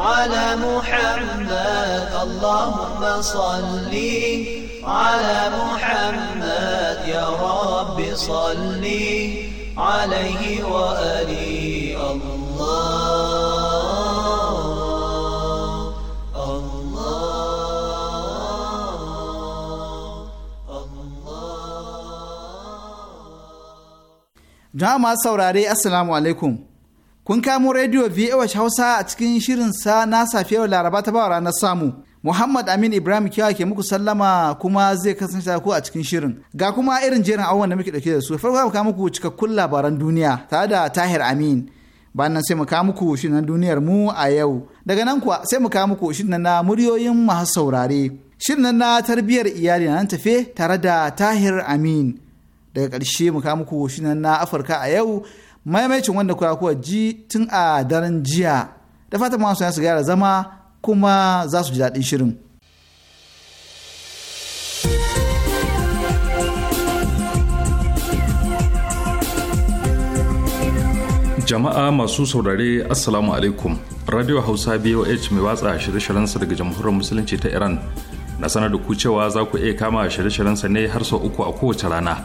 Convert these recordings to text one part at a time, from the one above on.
على محمد اللهم صل على محمد يا رب صل عليه وآله الله الله الله جماعة saurare assalamu alaikum Kun kamo rediyo VOA Hausa a cikin shirin sa na safiyar Laraba ta bawa ranar samu. Muhammad Amin Ibrahim kiwa ke muku sallama kuma zai kasance ku a cikin shirin. Ga kuma irin jerin abubuwan da muke dauke da su. Farko mu kawo muku cikakkun labaran duniya tare da Tahir Amin. Bayan nan sai mu kawo muku shirin na duniyar mu a yau. Daga nan kuwa sai mu kawo muku shirin na muryoyin masu saurare. Shirin na tarbiyyar iyali na nan tafe tare da Tahir Amin. Daga ƙarshe mu kawo muku shirin na Afirka a yau. maimaicin wanda kuwa kuwa ji tun a daren jiya da fatan masu su gyara zama kuma za su ji daɗin shirin. jama'a masu saurare assalamu alaikum radio hausa boh mai watsa shirye sa daga jamhuriyar musulunci ta iran na sanar da ku cewa za ku iya kama shirye sa ne har sau uku a kowace rana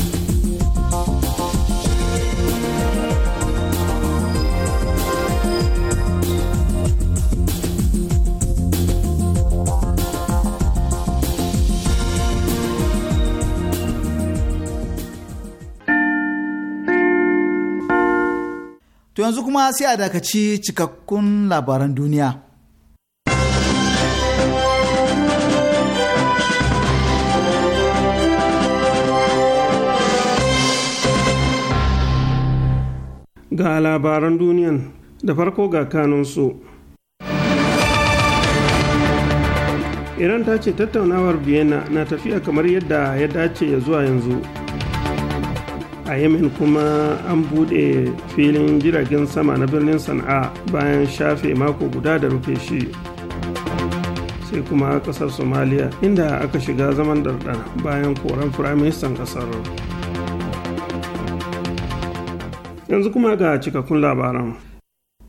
To yanzu kuma sai a dakaci cikakkun labaran duniya. Ga labaran duniyan da farko ga kanunsu. Iran ta ce tattaunawar Vienna na tafiya kamar yadda ya dace ya zuwa yanzu. a yemen kuma an buɗe filin jiragen sama na birnin sana'a bayan shafe mako guda da rufe shi sai kuma kasar somaliya inda aka shiga zaman dardar bayan koran firaministan kasar yanzu kuma ga cikakkun labaran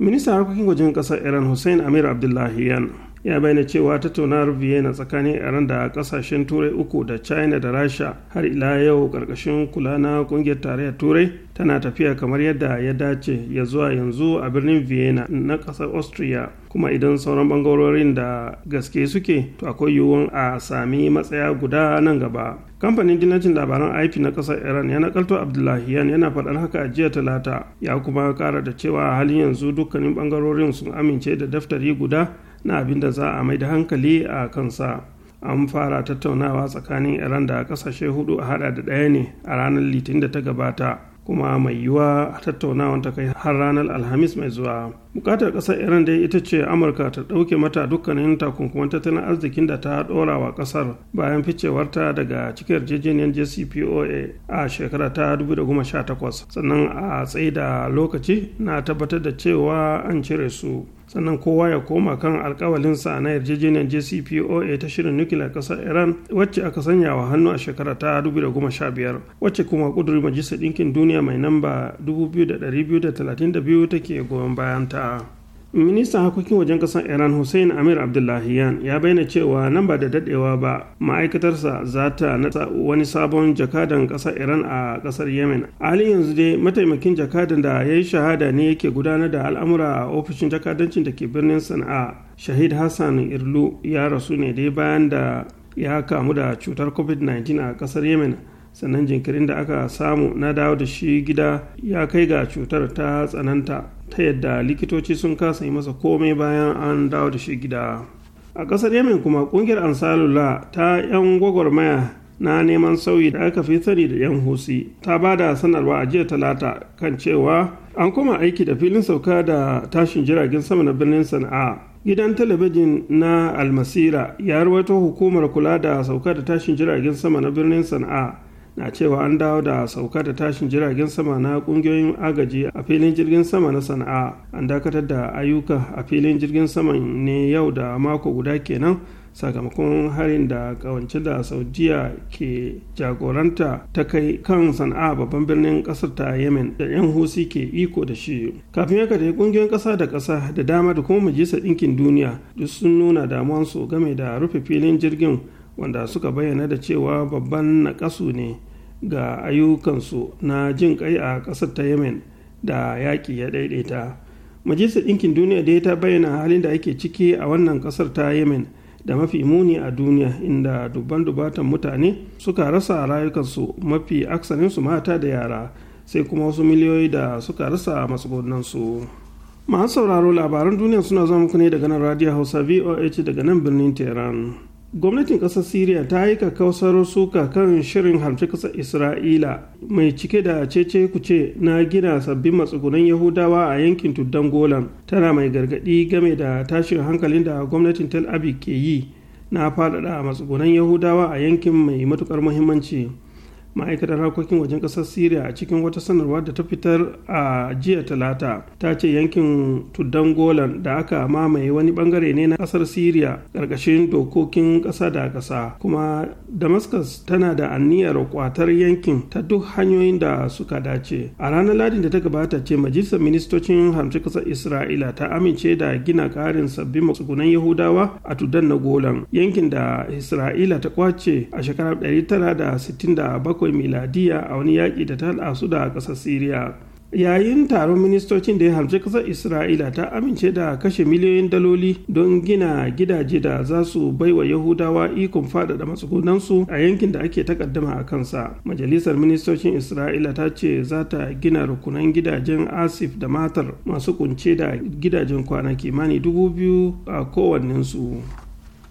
ministan harkokin wajen kasar iran hussein amir abdullahiyan ya bayyana cewa tattaunawar vienna tsakanin iran da kasashen turai uku da china da rasha har ila yau karkashin kula na kungiyar tarayyar turai tana tafiya kamar yadda ya dace ya zuwa yanzu a birnin vienna na kasar austria kuma idan sauran bangarorin da gaske suke to akwai yiwuwan a sami matsaya guda nan gaba kamfanin dinacin labaran ip na kasar iran ya nakalto abdullahian yana faɗar haka a jiya talata ya kuma kara da cewa halin yanzu dukkanin bangarorin sun amince da daftari guda na abin da za a mai da hankali a kansa an fara tattaunawa tsakanin iran da kasashe hudu a hada da ɗaya ne a ranar litinin da ta gabata kuma mai yiwuwa a tattaunawa ta kai har ranar alhamis mai zuwa bukatar kasar iran dai ita ce amurka ta ɗauke mata dukkanin takunkuman tattalin arzikin da ta ɗorawa wa kasar bayan ficewarta daga cikin yarjejeniyar jcpoa a shekara ta 2018 sannan a tsaida lokaci na tabbatar da cewa an cire su sannan kowa ya koma kan alkawalinsa na yarjejeniyar jcpoa ta shirin nukiliyar kasar iran wacce aka sanya wa hannu a shekara ta 2015 wacce kuma kuduri majalisar ɗinkin duniya mai namba 2232 take goyon bayan ta. ministan harkokin wajen kasar iran hussein amir abdullahiyan ya bayyana cewa nan ba da dadewa ba ma'aikatarsa za ta nasa wani sabon jakadan kasar iran a kasar yemen halin yanzu dai mataimakin jakadan da ya yi shahada ne yake gudanar da al'amura a ofishin jakadancin da ke birnin sana'a shahid hassan irlu ya rasu ne dai bayan da ya kamu da cutar covid-19 a kasar yemen sannan jinkirin da aka samu na dawo da shi gida ya kai ga cutar ta tsananta ta yadda likitoci sun kasa yi masa komai bayan an dawo da shi gida a ƙasar yemen kuma ƙungiyar ansalula ta 'yan gwagwarmaya na neman sauyi da aka fi sani da 'yan Husi, ta ba da sanarwa a jiya talata kan cewa an koma aiki da filin sauka da tashin jiragen sama na birnin sana'a gidan talabijin na almasira ya ruwaito hukumar kula da sauka da tashin jiragen sama na birnin sana'a na cewa an dawo da sauka da tashin jiragen sama na kungiyoyin agaji a filin jirgin sama na sana'a an dakatar da ayyuka a filin jirgin saman ne yau da mako guda kenan sakamakon harin da kawance da saudiya ke jagoranta ta kai kan sana'a babban birnin kasar ta yemen da yan husi ke iko da shi kafin ya kada kungiyoyin kasa da kasa da dama da kuma majalisar ɗinkin duniya duk sun nuna damuwansu game da rufe filin jirgin wanda suka bayyana da cewa babban naƙasu ne ga ayyukansu na jin kai a ƙasar ta yemen da yaƙi ya ɗaiɗaita majalisar ɗinkin duniya dai ta bayyana halin da ake ciki a wannan ƙasar ta yemen da mafi muni a duniya inda dubban dubatan mutane suka rasa rayukansu mafi aksaninsu mata da yara sai kuma wasu miliyoyi da suka rasa matsugunansu masu sauraro labaran duniya suna zama muku daga nan radio hausa voh daga nan birnin teran. gwamnatin kasar syria ta yi kakkausar suka kan shirin harfi kasar isra'ila mai cike da cece kuce na gina sabbin matsugunan yahudawa a yankin tuddan golan tana mai gargadi game da tashin hankalin da gwamnatin tel aviv ke yi na faɗaɗa matsugunan yahudawa a yankin mai matukar muhimmanci ma'aikatar harkokin wajen ƙasar syria a cikin wata sanarwa da ta fitar a jiya talata ta ce yankin tuddan golan da aka mamaye wani bangare ne na ƙasar syria ƙarƙashin dokokin ƙasa da ƙasa kuma damascus tana da aniyar kwatar yankin ta duk hanyoyin da suka dace a ranar ladin da ta gabata ce majalisar ministocin hamshi kasar isra'ila ta amince da gina ƙarin sabbin matsugunan yahudawa a tuddan na golan yankin da isra'ila ta kwace a shekarar 1967 miladiya a wani yaƙi da ta su da ƙasar siriya yayin taron ministocin da ya hamci ƙasar isra'ila ta amince da kashe miliyoyin daloli don gina gidaje da za su baiwa yahudawa ikon faɗaɗa matsugunansu a yankin da ake takaddama a kansa majalisar ministocin isra'ila ta ce za ta gina rukunan gidajen asif da matar masu kunce da gidajen kwana kimani dubu biyu a kowannensu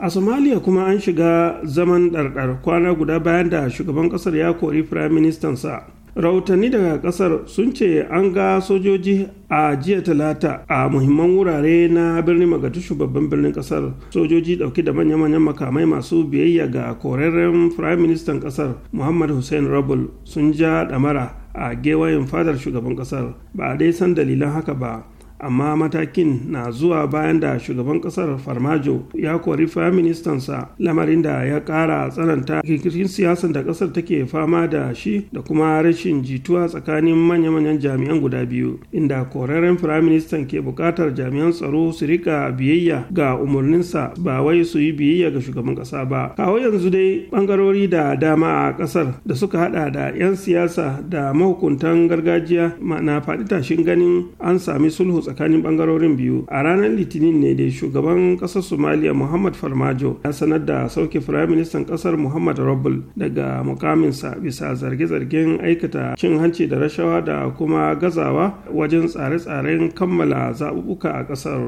a Somalia kuma an shiga zaman ɗarɗar kwana guda bayan da shugaban ƙasar ya kori firaministansa rahotanni daga ƙasar sun ce an ga sojoji a jiya talata a muhimman wurare na birnin magatushu babban birnin ƙasar sojoji ɗauki da manya-manyan makamai masu biyayya ga korarren firaministan ƙasar muhammad hussein rabul sun ja ɗamara a gewayen fadar shugaban ƙasar ba a dai san dalilan haka ba amma matakin na zuwa bayan da shugaban kasar farmajo ya kori firaministansa lamarin da ya kara tsananta kirkirin siyasar da kasar take fama da shi da kuma rashin jituwa tsakanin manya-manyan jami'an guda biyu inda koraren firaministan ke bukatar jami'an tsaro su rika biyayya ga umarninsa ba wai su yi biyayya ga shugaban kasa ba kawo yanzu dai bangarori da dama a kasar da suka hada da 'yan siyasa da mahukuntan gargajiya na faɗi tashin ganin an sami sulhu tsakanin bangarorin biyu a ranar litinin ne da shugaban kasar Somalia muhammad farmajo ya sanar da sauke firaministan kasar muhammad Rabul, daga mukaminsa bisa zarge-zargen aikata cin hanci da rashawa da kuma gazawa wajen tsare-tsaren kammala zaɓuɓɓuka a kasar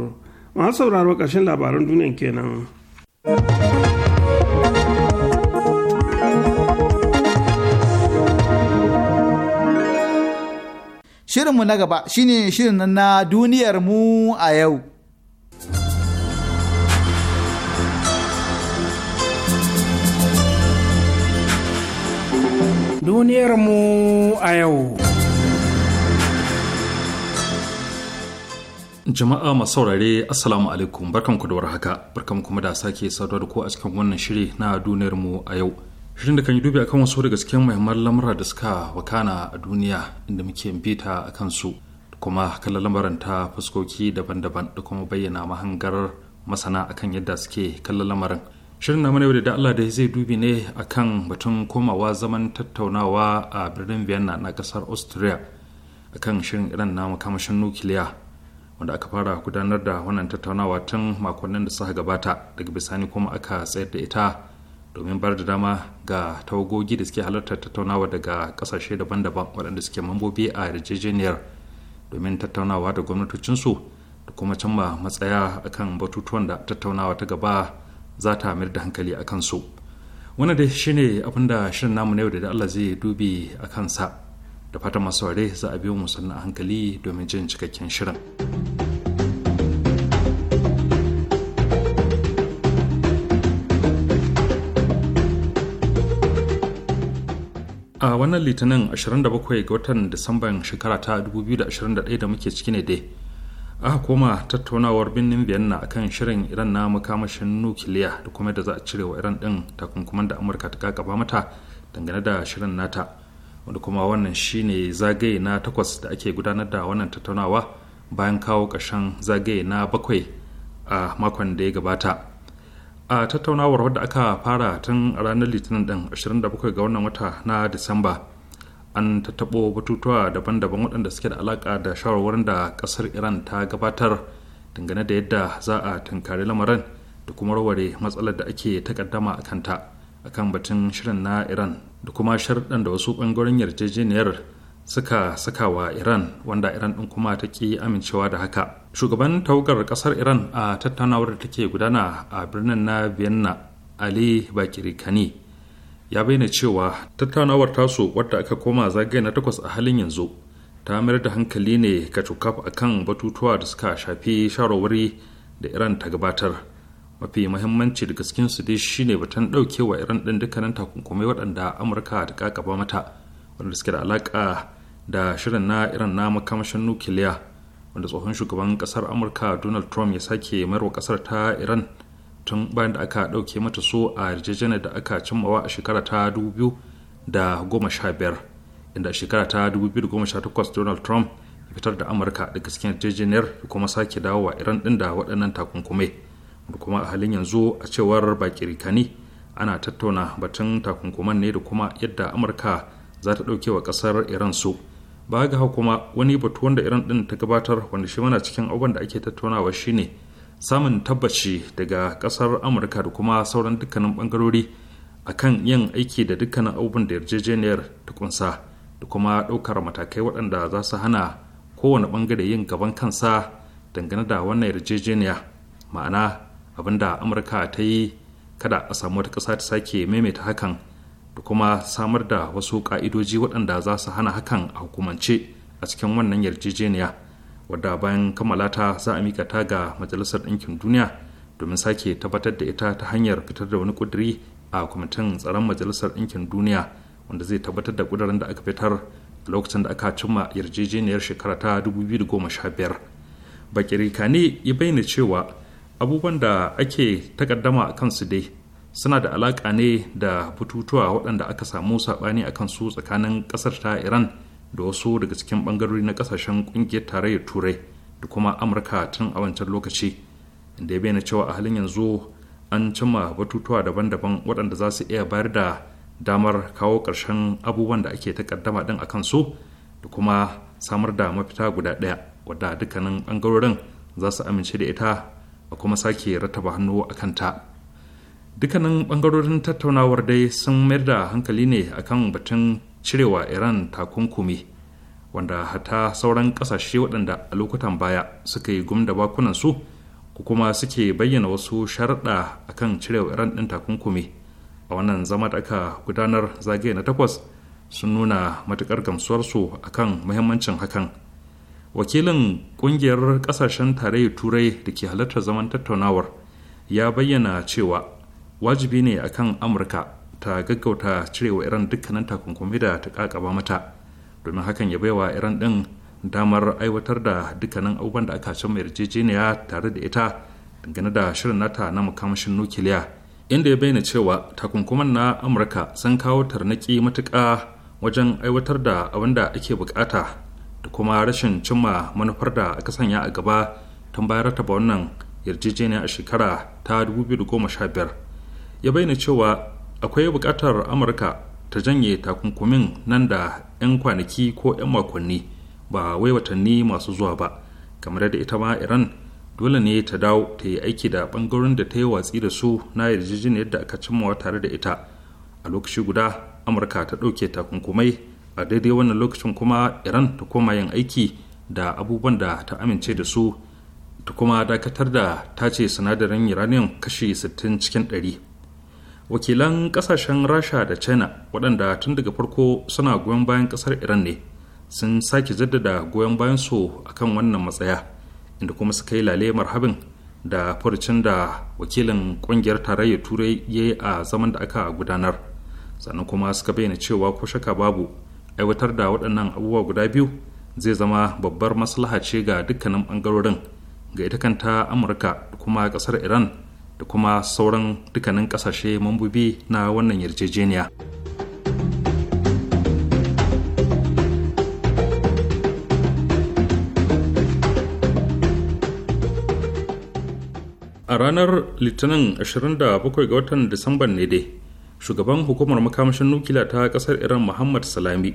masu sauraro ƙarshen labaran duniya kenan. Shirinmu na gaba shine shirin na duniyar mu a yau. Duniyar mu a yau. Jama'a masu saurare Assalamu alaikum barkanku da warhaka barkanku kuma da sake saduwa da ku a cikin wannan shiri na duniyar mu a yau. shirin da kan yi dubi akan wasu daga cikin muhimman lamura da suka wakana a duniya inda muke bita a kansu da kuma kalla lamarin ta fuskoki daban-daban da kuma bayyana mahangar masana akan yadda suke kallon lamarin shirin na mana da Allah da zai dubi ne akan batun komawa zaman tattaunawa a birnin Vienna na kasar Austria akan shirin iran na makamashin nukiliya wanda aka fara gudanar da wannan tattaunawa tun makonnin da suka gabata daga bisani kuma aka tsayar da ita domin bar da dama ga tawagogi da suke halartar tattaunawa daga kasashe daban-daban waɗanda suke mambobi a yarjejeniyar domin tattaunawa da gwamnatocinsu da kuma cimma matsaya akan batutuwan da tattaunawa ta gaba za ta mayar da hankali a kansu wannan dai shine abin da shirin namu na yau da Allah zai dubi a kansa da fatan masu za a biyo mu sannan hankali domin jin cikakken shirin. a wannan litinin 27 ga watan disamban shekara ta 2021 da muke ciki ne dai aka koma tattaunawar birnin vienna akan shirin iran na makamashin nukiliya da kuma da za a cire wa iran din takunkuman da amurka ta kakaba mata dangane da shirin nata wanda kuma wannan shine zagaye na takwas da ake gudanar da wannan tattaunawa bayan kawo ƙarshen zagaye na bakwai a makon da ya gabata a tattaunawar wadda aka fara tun ranar litinin din 27 ga wannan wata na disamba an tattabo batutuwa daban-daban waɗanda suke da alaƙa da shawarwarin da ƙasar iran ta gabatar dangane da yadda za a tunkari lamarin da kuma warware matsalar da ake takaddama a kanta a kan batun shirin na iran da kuma sharɗan da wasu ɓangaren yarjejeniyar suka saka wa iran wanda iran ɗin kuma ta ƙi amincewa da haka shugaban tawagar kasar iran a tattaunawar da take gudana a birnin na vienna ali bakiri kani ya bayyana cewa tattaunawar taso wadda aka koma zagaye na takwas a halin yanzu ta mayar da hankali ne ka cukaf a kan batutuwa da suka shafi shawarwari da iran ta gabatar mafi mahimmanci da gaskin su dai shine batun daukewa iran din dukkanin takunkumai waɗanda amurka ta kakaba mata wanda suke da alaƙa da shirin na iran na makamashin nukiliya wanda tsohon shugaban kasar amurka donald trump ya sake marwa kasar ta iran tun bayan da aka dauke mata so a yarjejeniyar da aka cimmawa a shekara ta 2015 inda a shekara ta 2018 donald trump ya fitar da amurka daga cikin yarjejeniyar ya kuma sake dawo wa iran din da waɗannan takunkumai da kuma a halin yanzu a cewar baki rikani ana tattauna batun takunkuman ne da kuma yadda amurka za ta ɗauke wa ƙasar iran su ba ga kuma wani batu wanda irin din ta gabatar wanda shi mana cikin abubuwan da ake tattaunawa shine samun tabbaci daga kasar amurka da kuma sauran dukkanin bangarori akan yin aiki da dukkanin abubuwan da yarjejeniyar ta kunsa da kuma ɗaukar matakai waɗanda za su hana kowane bangare yin gaban kansa dangane da wannan yarjejeniya ma'ana abinda amurka ta yi kada a samu wata ƙasa ta sake maimaita hakan da kuma samar da wasu ka'idoji waɗanda za su hana hakan a hukumance a cikin wannan yarjejeniya wadda bayan kammala ta za a mika ta ga majalisar ɗinkin duniya domin sake tabbatar da ita ta hanyar fitar da wani ƙuduri a kwamitin tsaron majalisar ɗinkin duniya wanda zai tabbatar da ƙudurin da aka fitar a lokacin da aka cimma yarjejeniyar shekara ta 2015 bakiri kane ya bayyana cewa abubuwan da ake takaddama a kansu dai suna da alaƙa ne da bututuwa waɗanda aka samu saɓani a kansu tsakanin ƙasar ta iran da wasu daga cikin ɓangarori na ƙasashen ƙungiyar tarayyar turai da kuma amurka tun a wancan lokaci inda ya bayyana cewa a halin yanzu an cimma batutuwa daban-daban waɗanda za su iya bayar da damar kawo ƙarshen abubuwan da ake takaddama ɗin a kansu da kuma samar da mafita guda ɗaya wadda dukkanin ɓangarorin za su amince da ita a kuma sake rattaba hannu a kanta. dukkanin bangarorin tattaunawar dai sun mayar da hankali ne akan batun cirewa iran takunkumi wanda hata sauran kasashe waɗanda a lokutan baya suka yi gum da bakunan su ko kuma suke bayyana wasu sharaɗa akan cirewa iran ɗin takunkumi a wannan zama da aka gudanar zagaye na takwas sun nuna matuƙar gamsuwarsu akan muhimmancin hakan wakilin ƙungiyar ƙasashen tarayyar turai da ke halartar zaman tattaunawar ya bayyana cewa wajibi ne a kan amurka ta gaggauta cirewa iran dukkanin takunkumi da ta kakaba mata domin hakan ya baiwa iran din damar aiwatar da dukkanin abubuwan da aka mai yarjejeniya tare da ita dangane da shirin nata na makamashin nukiliya inda ya bayyana cewa takunkuman na amurka sun kawo tarnaki matuka wajen aiwatar da abin da ake bukata da kuma rashin cimma manufar da aka sanya a gaba tun bayar ta wannan yarjejeniya a shekara ta 2015 ya bayyana cewa akwai bukatar amurka ta janye takunkumin nan da 'yan kwanaki ko 'yan makonni ba wai watanni masu zuwa ba kamar da ita ma iran dole ne ta dawo ta yi aiki da bangaren da ta yi watsi da su na yarjejeniyar yadda aka cimmawa tare da ita a lokaci guda amurka ta ɗauke takunkumai a daidai wannan lokacin kuma iran ta koma yin aiki da abubuwan da ta amince da su ta kuma dakatar da ta ce sinadarin uranium kashi 60 cikin 100 wakilan kasashen rasha da china waɗanda tun daga farko suna goyon bayan ƙasar iran ne sun sake jaddada goyon bayan su akan wannan matsaya inda kuma suka yi lale marhabin da furucin da wakilin ƙungiyar tarayyar turai ya yi a zaman da aka gudanar sannan kuma suka bayyana cewa ko shaka babu aiwatar da waɗannan abubuwa guda biyu zai zama babbar maslaha ce ga dukkanin bangarorin ga ita kanta amurka da kuma ƙasar iran da kuma sauran dukkanin kasashe mambobi na wannan yarjejeniya. a ranar litinin 27 ga watan disamban ne dai shugaban hukumar makamashin nukiliya ta kasar iran muhammad salami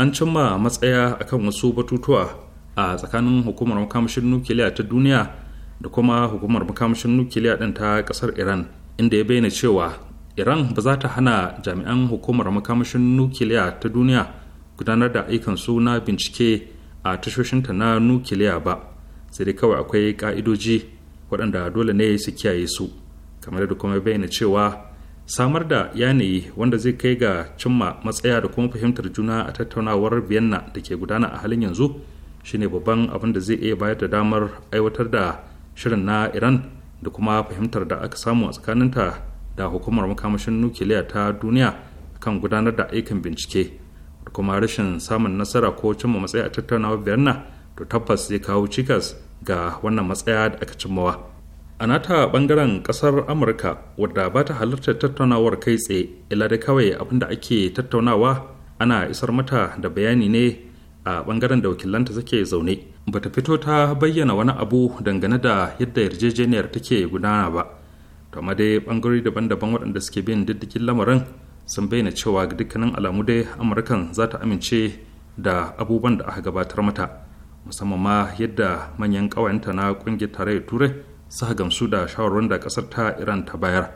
an cimma matsaya akan wasu batutuwa a tsakanin hukumar makamashin nukiliya ta duniya da kuma hukumar makamashin nukiliya ɗin ta ƙasar iran inda ya bayyana cewa iran ba za ta hana jami'an hukumar makamashin nukiliya ta duniya gudanar da ayyukansu na bincike a tashoshinta na nukiliya ba sai dai kawai akwai ka'idoji waɗanda dole ne su kiyaye su kamar da kuma bayyana cewa samar da yanayi wanda zai kai ga cimma matsaya da kuma fahimtar juna a tattaunawar vienna da ke gudana a halin yanzu shine babban abin da zai iya bayar da damar aiwatar da shirin na iran da kuma fahimtar da aka samu a tsakaninta da hukumar makamashin nukiliya ta duniya kan gudanar da aikin bincike da kuma rashin samun nasara ko cimma matsaya a tattaunawar na to tabbas zai kawo cikas ga wannan matsaya da aka cimmawa a nata bangaren kasar amurka wadda ba ta halartar tattaunawar kai tsaye ila da kawai abinda ake tattaunawa ana isar mata da bayani ne a bangaren da wakilanta suke zaune bata fito ta bayyana wani abu dangane da yadda yarjejeniyar take gudana ba to amma dai bangarori daban-daban waɗanda suke bin diddikin lamarin sun bayyana cewa ga dukkanin alamu dai amurkan za ta amince da abubuwan da aka gabatar mata musamman ma yadda manyan ƙawayenta na ƙungiyar tarayyar turai suka gamsu da shawarwarin da ƙasar ta iran ta bayar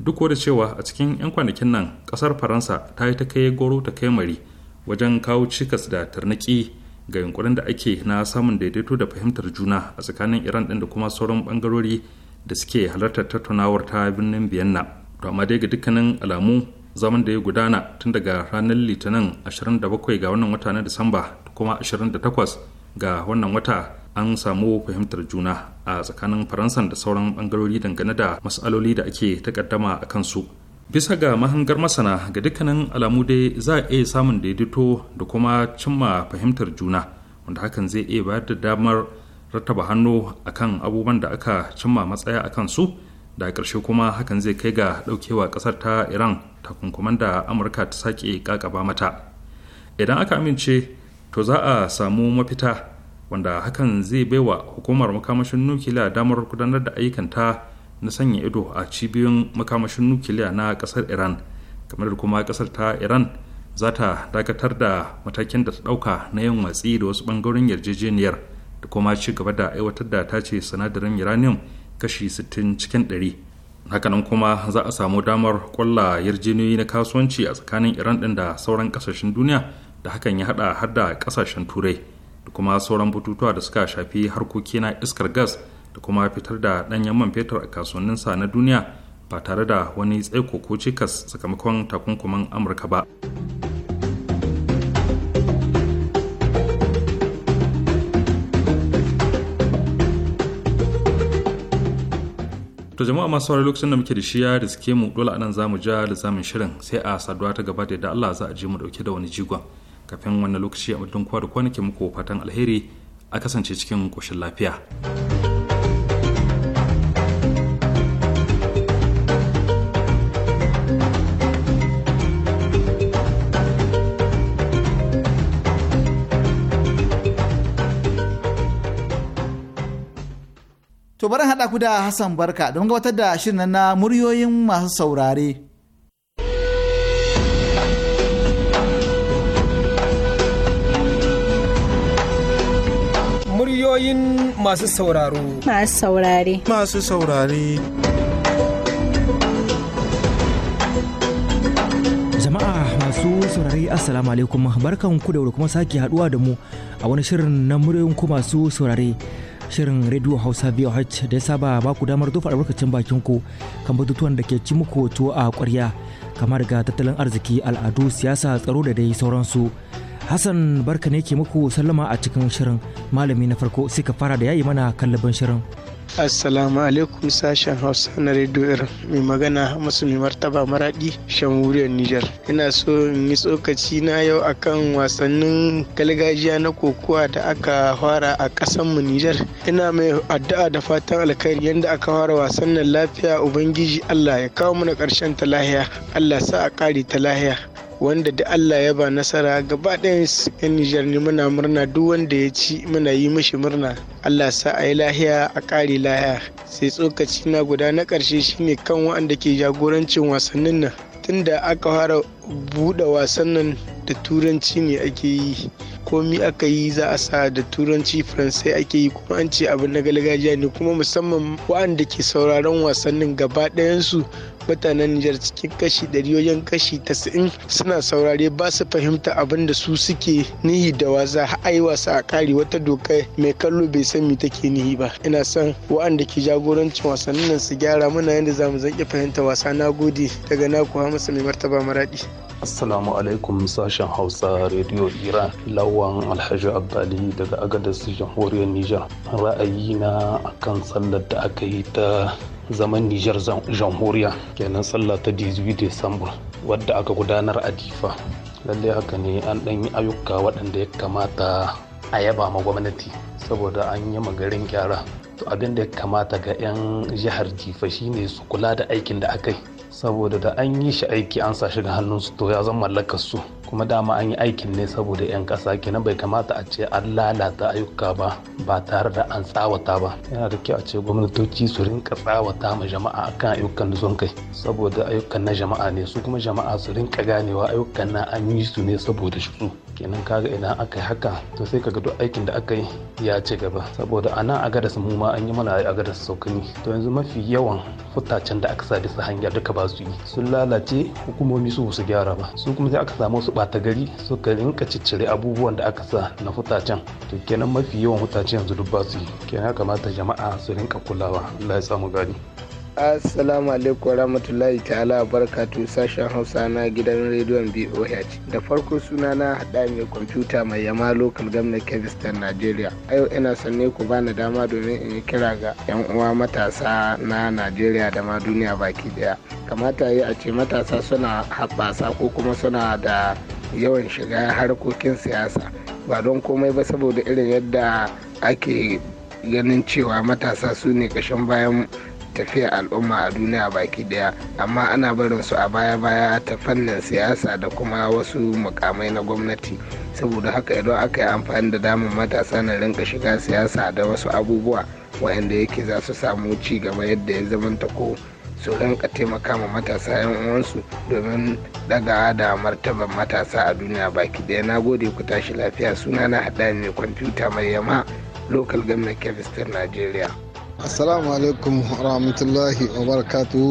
duk da cewa a cikin 'yan kwanakin nan ƙasar faransa ta yi ta kai goro ta kai mari wajen kawo cikas da tarnaki ga yunkurin da ake na samun daidaito da fahimtar juna a tsakanin iran din da kuma sauran bangarori da suke halartar tattaunawar ta birnin vienna to amma dai ga dukkanin alamu zaman da ya gudana tun daga ranar litinin 27 ga wannan wata na disamba da kuma 28 ga wannan wata an samu fahimtar juna a tsakanin faransa da sauran bangarori dangane da matsaloli da ake takaddama a kansu bisa ga mahangar masana ga dukkanin alamu dai za a iya samun daidaito da kuma cimma fahimtar juna wanda hakan zai iya bayar da damar rattaba hannu akan abubuwan da aka cimma matsaya akan su da ƙarshe kuma hakan zai kai ga ɗaukewa ƙasar ta iran ta kunkuman da amurka ta sake ƙaƙaba mata idan aka amince to za a samu mafita wanda hakan zai baiwa hukumar makamashin nukiliya damar gudanar da ayyukanta na sanya ido a cibiyoyin makamashin nukiliya na kasar iran kamar kuma kasar ta iran za ta dakatar da matakin da ta dauka na yin watsi da wasu bangaren yarjejeniyar da kuma ci gaba da aiwatar da ta ce sinadarin uranium kashi 60 cikin 100 hakanan kuma za a samu damar kwalla yarjejeniyoyi na kasuwanci a tsakanin iran din da sauran kasashen duniya da hakan ya hada har da kasashen turai da kuma sauran bututuwa da suka shafi harkoki na iskar gas da kuma fitar da ɗanyen man fetur a kasuwannin sa na duniya ba tare da wani tsaiko ko cikas sakamakon takunkuman amurka ba to jama'a masu saurari lokacin da muke da shi ya riske mu dole anan zamu ja da zamin shirin sai a saduwa ta gaba da yadda Allah za a je mu dauke da wani jigon kafin wannan lokaci a madadin kwa da kwanakin muku fatan alheri a kasance cikin koshin lafiya. To bari haɗa ku da Hassan Barka don gabatar da shirin na muryoyin masu saurare. Muryoyin masu sauraro. Masu saurare. Masu saurare. Jama'a masu saurare Assalamu alaikum barkan ku da kuma sake haɗuwa da mu a wani shirin na muryoyin ku masu saurare. shirin Radio Hausa VOH da ya saba ba ku damar dufa albarkacin bakin ku kan batutuwan da ke ci muku wato a ƙwarya kamar ga tattalin arziki al'adu siyasa tsaro da dai sauransu. Hassan barka ne ke muku sallama a cikin shirin malami na farko sai ka fara da yayi mana kallabin shirin. assalamu alaikum sashen hausa na radio irin mai magana masu mai martaba maraɗi shan wuriyar nijar ina so in yi tsokaci na yau akan wasannin gargajiya na kokowa da aka fara a ƙasanmu nijar ina mai addu'a da fatan alkhairi yadda aka fara wasannin lafiya ubangiji allah ya kawo mana ƙarshen ta lahiya allah sa a ƙari ta lahiya wanda da Allah ya ba nasara gaba ɗayan yan Nijar ne muna murna duk wanda ya ci muna yi mishi murna Allah sa a yi lahiya a ƙari lahiya sai tsokaci na guda na ƙarshe shine kan waɗanda ke jagorancin wasannin nan tun da aka fara buɗe wasan da turanci ne ake yi komi aka yi za a sa da turanci faransai ake yi kuma an ce abu na galgajiya ne kuma musamman wa'anda ke sauraron wasannin gaba ɗayansu mutanen Nijar cikin kashi ɗari wajen kashi tasa'in suna saurare ba su fahimta abin da su suke nihi da wasa yi wasa a kari wata doka mai kallo bai san me take nihi ba ina son waɗanda ke jagorancin wasannin su gyara muna yadda za mu zanke fahimta wasa na gode daga naku mai martaba maradi assalamu alaikum sashen hausa radio iran lawan alhaji abdali daga su jamhuriyar nijar ra'ayi na akan sallar da aka yi ta zaman nijar jamhuriya kenan sallah ta 18 Desambar wadda aka gudanar a difa lalle haka ne an ɗan yi ayyuka waɗanda ya kamata a yaba ma gwamnati saboda an yi magarin gyara to abin da ya kamata ga 'yan jihar jifa shine su kula da aikin da aka yi saboda da an yi shi aiki an sa shi ga hannunsu to ya zan mallakar su kuma dama an yi aikin ne saboda 'yan ƙasa kenan bai kamata a ce an lalata ayyuka ba ba tare da an tsawata ba yana da kyau a ce gwamnatoci su rinka tsawata ma jama'a akan ayyukan da sun kai saboda ayyukan na jama'a ne su kuma jama'a su rinka ganewa ayyukan na an yi su ne saboda su kenan kaga idan aka yi haka to sai kaga duk aikin da aka yi ya ci gaba saboda a nan a gadas mu ma an yi mana a gadas saukani to yanzu mafi yawan futacen da aka sa su hanya duka ba su yi sun lalace hukumomi su su gyara ba su kuma sai aka samu su batagari gari ka rinka ciccire abubuwan da aka sa na futacen to kenan mafi yawan futacen yanzu duk ba su yi kenan kamata jama'a su rinka kulawa Allah ya samu gani Assalamu alaikum warahmatullahi ta'ala Barkatu sashen Hausa na gidan rediyon BOH. Da farko suna na hada mai kwamfuta mai yama local government Kevistan Najeriya. A yau ina sanne ku bani dama domin in yi kira ga 'yan uwa matasa na Najeriya da ma duniya baki daya. Kamata yi a ce matasa suna haɓasa ko kuma suna da yawan shiga harkokin siyasa ba don komai ba saboda irin yadda ake ganin cewa matasa su ne ƙashin bayan tafiya al'umma a duniya baki daya amma ana barin su a baya-baya ta fannin siyasa da kuma wasu mukamai na gwamnati saboda haka idan aka yi amfani da damar matasa na rinka shiga siyasa da wasu abubuwa wayanda yake za su samu ci gaba yadda ya zamanta ko su rinka taimaka ma matasa yan uwansu domin dagawa da martaban matasa a duniya baki daya na gode ku tashi lafiya suna na haɗa ne kwamfuta mai yama local government kebistar nigeria assalamu alaikum rahmatullahi wa barakatu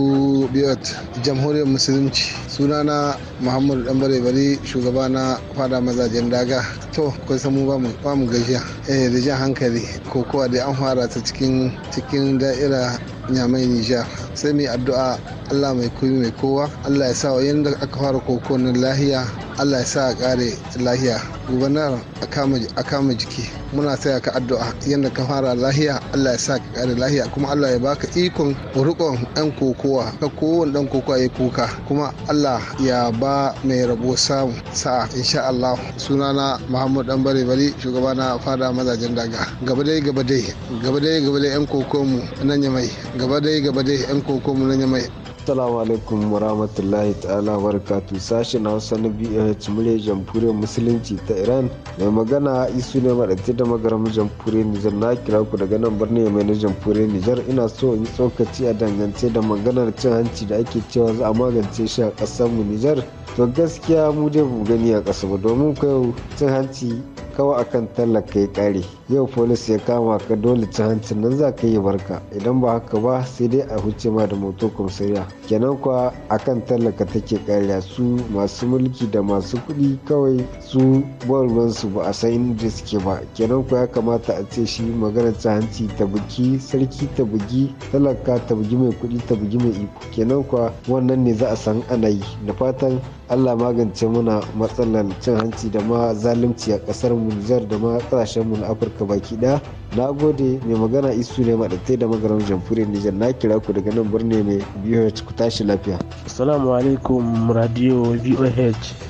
biyat jamhuriyar musulunci sunana muhammadu dan bare shugaba na fada mazajen daga to kai san mu ba mu gajiya eh da jan hankali kokowa dai an fara ta cikin cikin da'ira nyamai nijar sai mai addu'a Allah mai kuyi mai kowa Allah ya sa yadda aka fara koko na lahiya Allah ya sa a kare lahiya gubanar a kama jiki muna saya ka addu'a yadda ka fara lahiya Allah ya sa ka kare lahiya kuma Allah ya baka ikon rukon ɗan kokowa ka kowane dan kokowa ya kuka kuma Allah ya ba mai rabo samu sa'a insha Allah sunana Muhammad Dan Bare Bari shugaba na fada mazajen daga gaba dai gaba dai gaba dai gaba dai yan kokonmu nan yamai gaba dai gaba dai yan kokonmu nan yamai assalamu alaikum warahmatullahi ta'ala barakatu sashen hausa na bih murya jamhuriyar musulunci ta iran mai magana isu ne maɗace da magaramin jamhuriyar nijar na kira ku daga nan birnin mai na jamhuriyar nijar ina so in tsokaci a dangance da maganar cin hanci da ake cewa za a magance shi a ƙasar mu nijar to gaskiya mu dai mu gani a ƙasa ba domin kai cin hanci kawai akan tallaka ya kare yau polis ya kama ka dole ci hancin nan za ka yi barka idan ba haka ba sai dai a huce ma da moto kumsariya kenan kuwa akan tallaka take kariya su masu mulki da masu kuɗi kawai su ruwan su ba a san inda suke ba kenan kuwa ya kamata a ce shi magana ci hanci ta bugi sarki ta bugi talaka ta bugi mai kuɗi ta bugi mai iko kenan kuwa wannan ne za a san ana yi da fatan allah magance muna matsalar cin hanci da ma zalunci a kasar mu da ma kasashen mu na afirka baki ɗaya na gode mai magana isu ne maɗatai da magaran jamhuriyar nijar na kira ku daga nan birni mai B.O.H ku tashi lafiya assalamu alaikum radio voh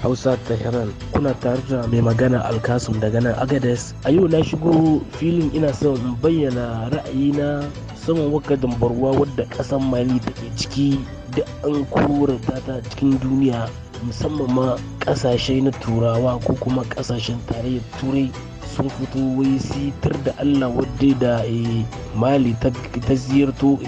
hausa tehran kuna tare da mai magana alkasum daga nan agades a yau na shigo filin ina son in bayyana ra'ayina saman wakadin barwa wadda kasan mali take ciki da an kura ta cikin duniya musamman ma kasashe na turawa ko kuma kasashen tarayyar turai sun fito wai sitar da allah wadda da eh, mali ta ziyarto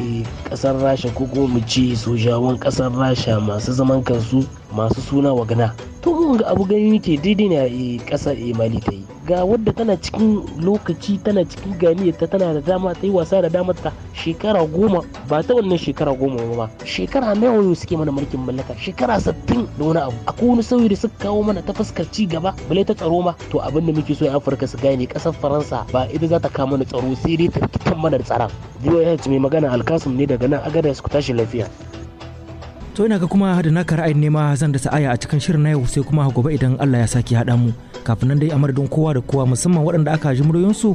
kasar eh, rasha ko kuma mu ce sojawan kasar rasha masu zaman kansu masu suna wagana to mun ga abu gani ke daidai na a eh, ƙasar eh, mali ta yi ga wadda tana cikin lokaci tana cikin gani ta tana da dama ta yi wasa da damar ta shekara goma ba ta wannan shekara goma ba shekara nawa yau suke mana mulkin mallaka shekara sittin, da wani abu akwai wani sauyi da suka kawo mana ta fuskar ci gaba bale ta tsaro ma to abin da muke so yan afirka su gane ƙasar faransa ba ita za ta kawo mana tsaro sai dai ta fitan mana da tsaron biyo ya mai magana alkasum ne daga nan agadar su tashi lafiya to ina ga kuma da naka ra'ayin nema zan da sa'aya a cikin shirin na yau sai kuma gobe idan Allah ya saki haɗa mu kafin nan dai a madadin kowa da kowa musamman waɗanda aka ji muryoyinsu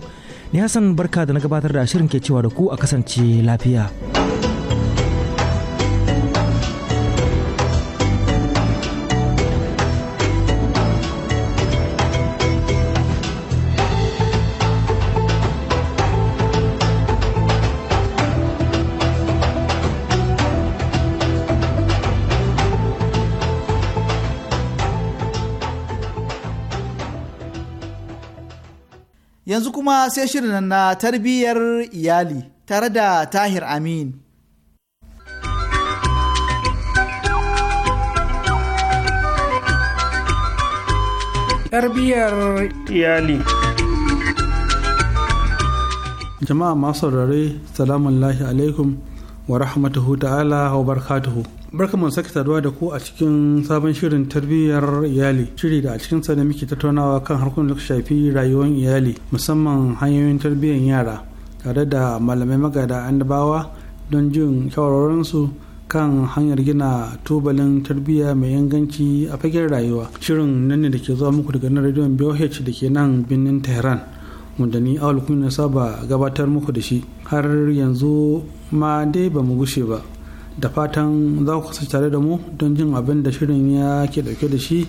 ni Hassan barka da na gabatar da shirin ke cewa da ku a kasance lafiya. kuma sai shirin na tarbiyyar iyali tare da Tahir Amin. tarbiyyar iyali. jama'a masu saurare salamun lahi alaikum wa rahmatuhu ta'ala wa barakatuhu barka mu sake saduwa da ku a cikin sabon shirin tarbiyyar iyali shiri da a cikin sa da muke tattaunawa kan harkokin da shafi rayuwar iyali musamman hanyoyin tarbiyyar yara tare da malamai magada annabawa don jin shawarorinsu kan hanyar gina tubalin tarbiyya mai inganci a fagen rayuwa shirin nan ne da ke zuwa muku daga nan rediyon boh da ke nan birnin tehran wanda ni awal kuma na saba gabatar muku da shi har yanzu ma dai bamu mu gushe ba da fatan za ku kasance tare da mu don jin abin da shirin ya ke dauke da shi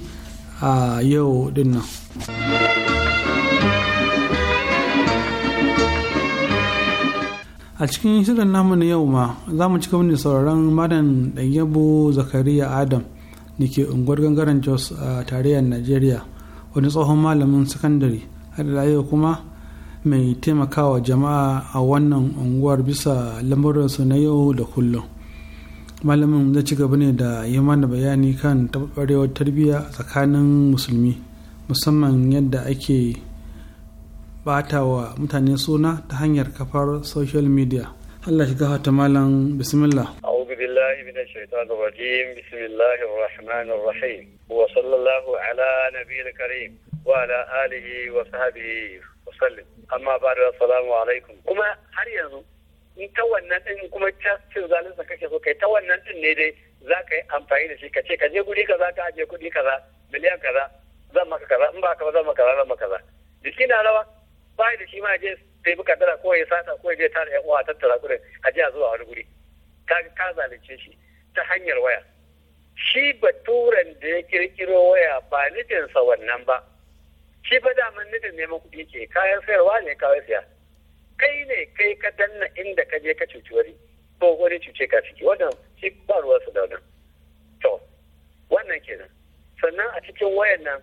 a yau dinnan. a cikin shirin namu na yau ma za mu ci sauraron madan ɗanyabo zakariya adam da ke unguwar gangaren jos a tarayyar najeriya wani tsohon malamin sakandare har da yau kuma mai taimakawa jama'a a wannan unguwar bisa lamarinsu na yau da kullum malamin zai ci gaba ne da yi mana bayani kan taɓarɓarewar tarbiyya tsakanin musulmi musamman yadda ake bata wa mutane suna ta hanyar kafar social media Allah shiga hata malam bismillah أعوذ بالله من الشيطان الرجيم amma ba da salamu alaikum kuma har yanzu in ta wannan din kuma ta cin zalunsa kake so kai ta wannan din ne dai za ka yi amfani da shi ka ce ka je guri kaza ka ajiye kuɗi kaza miliyan kaza zan maka kaza in ba ka ba zan maka kaza zan maka kaza shi na rawa ba da shi ma je sai buka dara ko ya sata ko ya je tara ya uwa tattara kuɗin a je a zuwa wani guri ka ka zalunce shi ta hanyar waya shi baturen da ya kirkiro waya ba nufinsa wannan ba shi ba daman nufin neman kuɗi ke kayan sayarwa ne kawai siya kai ne kai ka danna inda ka je ka cuci wani ko wani cuce ka ciki wannan shi ba ruwa su da to wannan kenan sannan a cikin wayan nan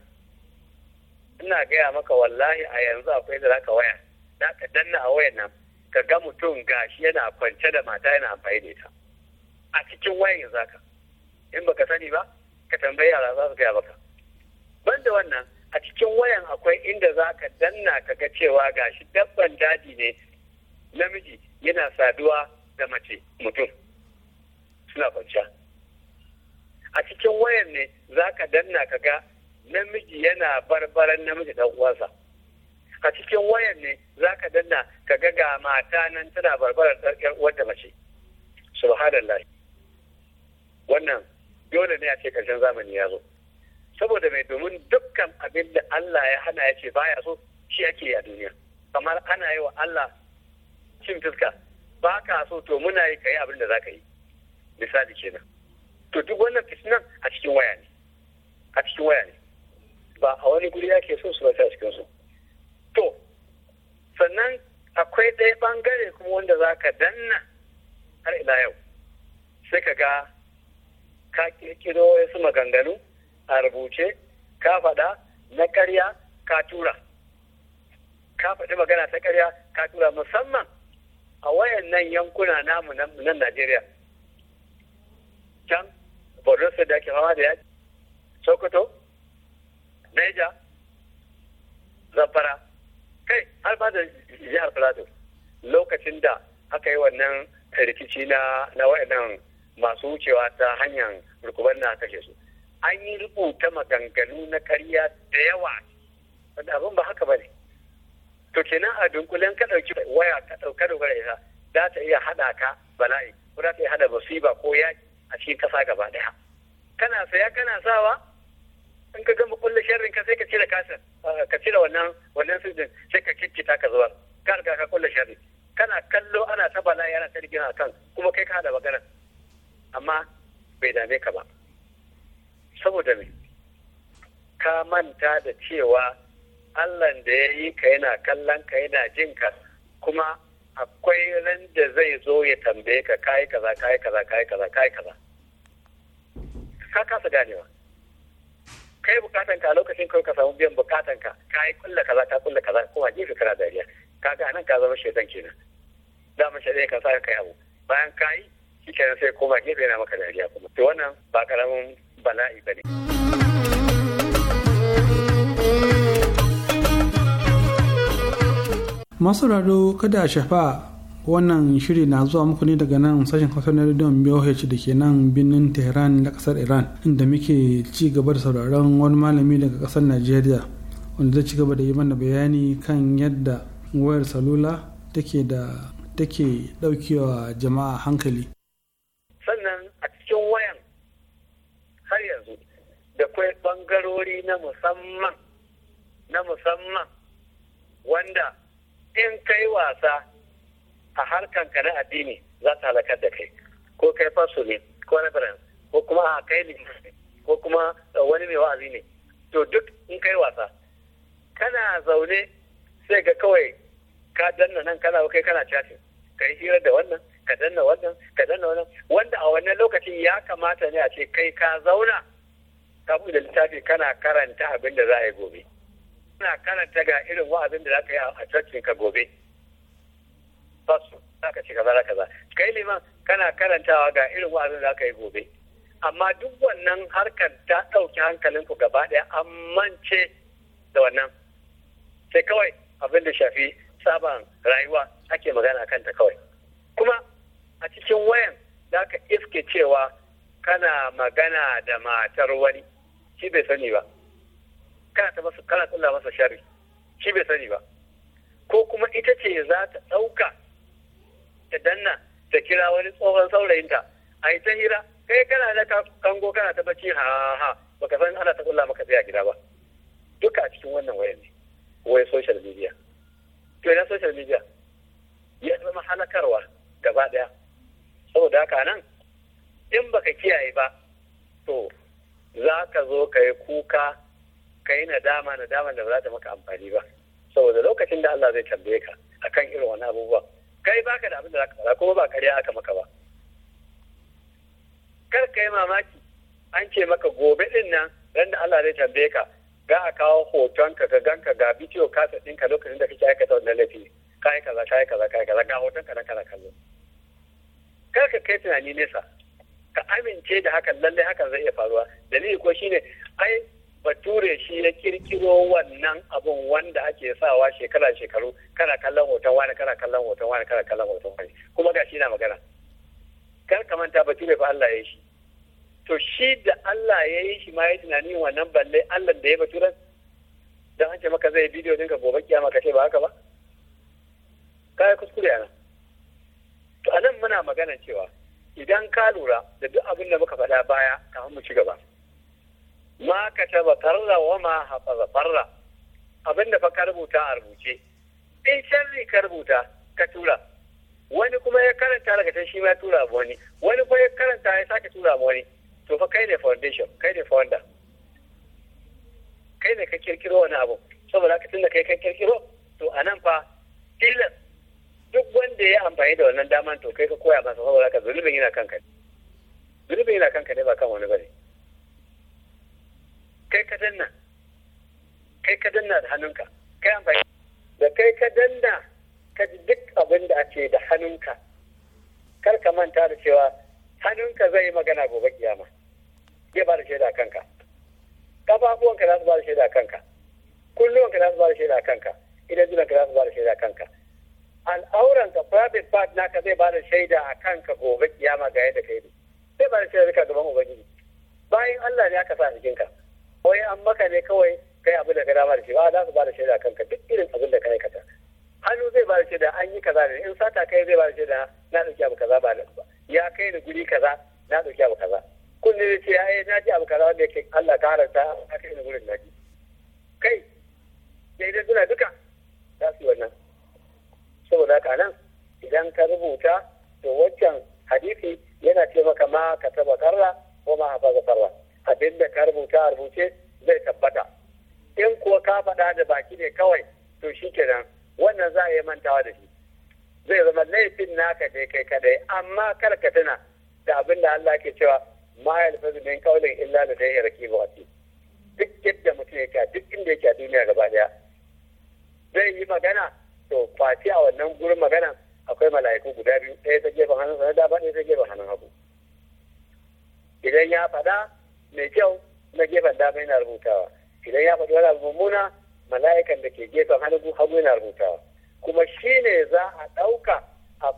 ina gaya maka wallahi a yanzu akwai da zaka waya za ka danna a wayan nan ka ga mutum gashi yana kwance da mata yana amfani da ita a cikin wayan yanzu haka in baka sani ba ka tambayi yara za su gaya maka banda wannan a cikin wayan akwai inda za ka danna ka ga cewa gashi dabban daji ne namiji yana saduwa da mace mutum suna kwanciya a cikin wayan ne za ka danna ka ga namiji yana barbaran namiji dan uwansa a cikin wayan ne za ka danna ka ga ga mata nan tana barbaran ɗarƙar uwar da mace subhanallah wannan dole ne a ce karshen zamani ya zo saboda mai domin dukkan abin da Allah ya hana ya ce baya so shi ake yi a duniya kamar ana yi wa Allah cin fiska ba ka so to muna yi ka yi abin da za ka yi misali kenan to duk wannan fitinan a cikin waya ne a cikin waya ne ba a wani guri ke so su rasa a cikin su to sannan akwai ɗaya ɓangare kuma wanda za ka danna har ila yau sai ka ga ka kirkiro wasu maganganu a rubuce ka faɗa na ƙarya ka tura ka faɗi magana ta ƙarya ka tura musamman a wayan nan yankuna namu nan Najeriya can Borno State da ke fama da yaki Sokoto Niger Zamfara kai har da jihar Plateau lokacin da aka yi wannan rikici na na nan masu wucewa ta hanyar rukuban na kashe su an yi rubuta maganganu na karya da yawa wanda abin ba haka ba ne to kenan a dunkulen ka ɗauki waya ka ɗauka dogara ita za ta iya haɗa ka bala'i ko za ta iya haɗa musiba ko yaƙi a cikin ƙasa gaba ɗaya kana saya kana sawa in ka gama kulle sharrin ka sai ka cire kasar eh, ka cire wannan wannan sujin sai ka kikkita ka zuwa ka riga ka kulle sharri kana kallo ana ta bala'i ana ta rigina kan kuma kai ka haɗa magana amma bai dame ka ba saboda me ka manta da cewa allah da ya yi ka yana kallon ka yana jin ka kuma akwai ran da zai zo ya tambaye ka kayi kaza kayi kaza kayi kaza kayi kaza ka kasa ganewa kai bukatan ka a lokacin kai ka samu biyan bukatan ka kayi kulla kaza ka kulla kaza a gefe kana dariya ka ga nan ka zama shaidan kenan dama shaidan ka sa kai abu bayan kayi shi kenan sai koma gefe yana maka dariya kuma to wannan ba karamin bala'i bane. ne masu raro kada a shafa wannan shiri na zuwa muku ne daga nan sashen hausa na rediyon boh da ke nan birnin tehran da kasar iran inda muke ci gaba da sauraron wani malami daga kasar najeriya wanda zai ci gaba da yi mana bayani kan yadda wayar salula take da take daukewa jama'a hankali sannan a cikin wayan har yanzu da kwai bangarori na musamman na musamman wanda in kai wasa a harkan ka na addini za ta halakar da kai ko kai ne ko reference ko kuma a kai ne ko kuma eh, wani mai wa'azi ne to duk in kai wasa kana zaune sai ga kawai ka danna nan kana kai kana chatting ka yi hira da wannan ka danna wannan ka danna wannan wanda a wannan lokacin ya kamata ne a ce kai ka zauna ka buɗe littafi kana karanta abin da za a yi gobe suna karanta ga irin wa'azin da za yi a cocin ka gobe za za kai liman kana karantawa ga irin wa'azin da za yi gobe amma duk wannan harkar ta ɗauki hankalinku gaba ɗaya an mance da wannan sai kawai abin da shafi sabon rayuwa ake magana kanta kawai kuma a cikin wayan za ka iske cewa kana magana da matar wani shi bai sani ba kana ta masa kana kulla masa shari shi bai sani ba ko kuma ita ce za ta ɗauka ta danna ta kira wani tsohon saurayinta a yi ta hira kai kana na kango kana ta bacci ha ha baka san ana ta kula maka sai a gida ba duka a cikin wannan wayan ne wayan social media to ina social media ya zama halakarwa gaba daya saboda haka nan in baka kiyaye ba to za ka zo ka yi kuka ka yi nadama nadama da ba za ta maka amfani ba saboda lokacin da Allah zai tambaye ka akan irin wani abubuwa kai baka da abin da zaka fara kuma ba kariya aka maka ba kar ka yi mamaki an ce maka gobe din nan ran da Allah zai tambaye ka ga a kawo hoton ka ga ganka ga bidiyo kasa ɗinka lokacin da kake aikata wannan laifi kai kaza kai kaza kai kaza ga hoton ka na kana kallo kar ka kai tunani nesa ka amince da hakan lallai hakan zai iya faruwa dalili ko shine ai bature shi ya kirkiro wannan abun wanda ake sawa shekara shekaru kana kallon hoton wani kana kallon hoton wani kana kallon hoton wani kuma ga shi na magana kar ka manta bature fa Allah ya yi shi to shi da Allah ya yi shi ma ya tunani wannan balle Allah da ya bature dan an ce maka zai bidiyo dinka gobe kiyama ka ce ba haka ba kai kuskure ana to anan muna magana cewa idan ka lura da duk abin da muka faɗa baya kafin mu ci gaba ma ka taba karra wa ma hafaza farra da fa ka rubuta a rubuce in sharri ka rubuta ka tura wani kuma ya karanta daga ta shi ma tura abu wani wani kuma ya karanta ya sake tura abu wani to fa kai ne foundation kai ne founder kai ne ka kirkiro wani abu saboda haka tunda kai ka kirkiro to a nan fa tilas duk wanda ya amfani da wannan daman to kai ka koya masa saboda ka zulubin yana kanka ne zulubin yana kanka ne ba kan wani bane kai ka danna kai ka danna da hannunka kai amfani da kai ka danna ka ji duk abin da ake da hannunka kar ka manta da cewa hannunka zai yi magana gobe kiyama ya ba da shaida kanka ka za su ba da shaida kanka ka za su ba da shaida kanka idan ka za su ba da shaida kanka Al'auran ka private part ka zai ba da shaida a kanka gobe kiyama ga yadda kai ne zai ba da shaida duka gaban ubangiji bayan Allah ne aka sa jikinka wai an maka ne kawai kai abin da ka dama da shi ba za su ba da shaida kanka duk irin abin da ka aikata hannu zai ba da shaida an yi kaza ne in sata kai zai ba da shaida na ɗauki abu kaza ba ba ya kai ni guri kaza na ɗauki abu kaza kunne ne ce ya yi na ji abu kaza wanda yake Allah ka haranta na kai ni gurin na ji kai da idan suna duka za su yi wannan saboda haka nan idan ka rubuta to waccan hadisi yana ce maka ma ka taba karra ko ma hafa ga karra abin da ka rubuta a rubuce zai tabbata in kuwa ka faɗa da baki ne kawai to shi kenan wannan za a yi mantawa da shi zai zama laifin naka ne kai kadai amma kar ka tuna da abin da Allah ke cewa ma yalfazu min qawlin illa da dai yarki ba wati duk yadda mutum yake duk inda yake a duniya gaba daya zai yi magana to kwaci a wannan gurin magana akwai mala'iku guda biyu ɗaya ta gefen hannun sa na dama ɗaya ta gefen hannun hagu idan ya faɗa mai kyau na gefen dama yana rubutawa idan ya faɗi wani abu mummuna mala'ikan da ke gefen hannu hagu yana rubutawa kuma shi ne za a ɗauka a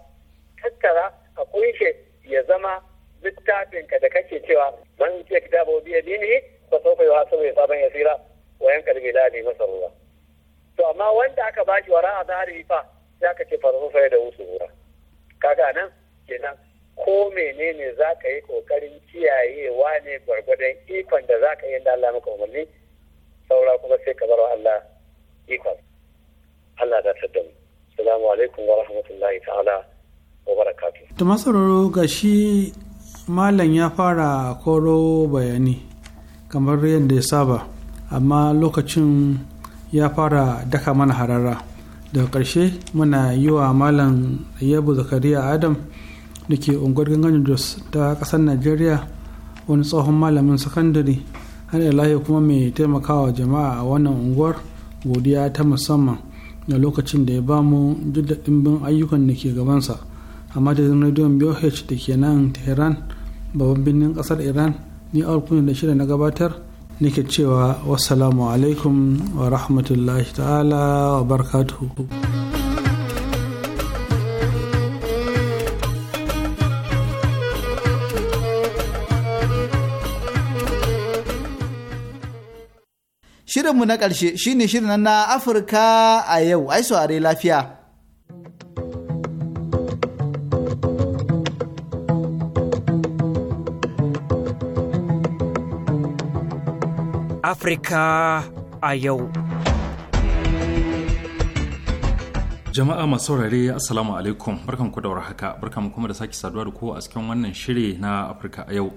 tattara a kunshe ya zama littafinka da kake cewa man ce kitabu biya dini ba sauka yawa wasu ya sabon ya tsira 'yan kalbi da ne masa ruwa to amma wanda aka bashi wara a zahari fa ya aka ce farko da wusu wura kaga nan kenan ko menene za ka yi kokarin kiyayewa ne gwargwadon ikon da za ka yi da Allah maka umarni saura kuma sai ka bar wa Allah ikon Allah da ta dama. assalamu alaikum wa rahmatullahi ta'ala wa barakatuh to masararo ga malam ya fara koro bayani kamar yadda ya saba amma lokacin ya fara daka mana harara daga ƙarshe muna yi wa malam yabu zakariya adam da ke unguwar ganganin jos ta kasar najeriya wani tsohon malamin sakandare har ilahi kuma mai taimakawa jama'a a wannan unguwar godiya ta musamman da lokacin da ya ba mu duk ɗimbin ayyukan da ke gabansa a madadin rediyon boh da ke nan tehran babban birnin kasar iran ni alkunin da shida na gabatar nake cewa wassalamu alaikum wa rahmatullahi ta'ala wa barkatu. Shirinmu na ƙarshe shine shirin na Afirka a yau, ai saurare lafiya. Afirka a yau. Jama'a masu saurare Assalamu alaikum, ku da warhaka, barkanku kuma da sake saduwa da ku a cikin wannan shiri na Afirka a yau.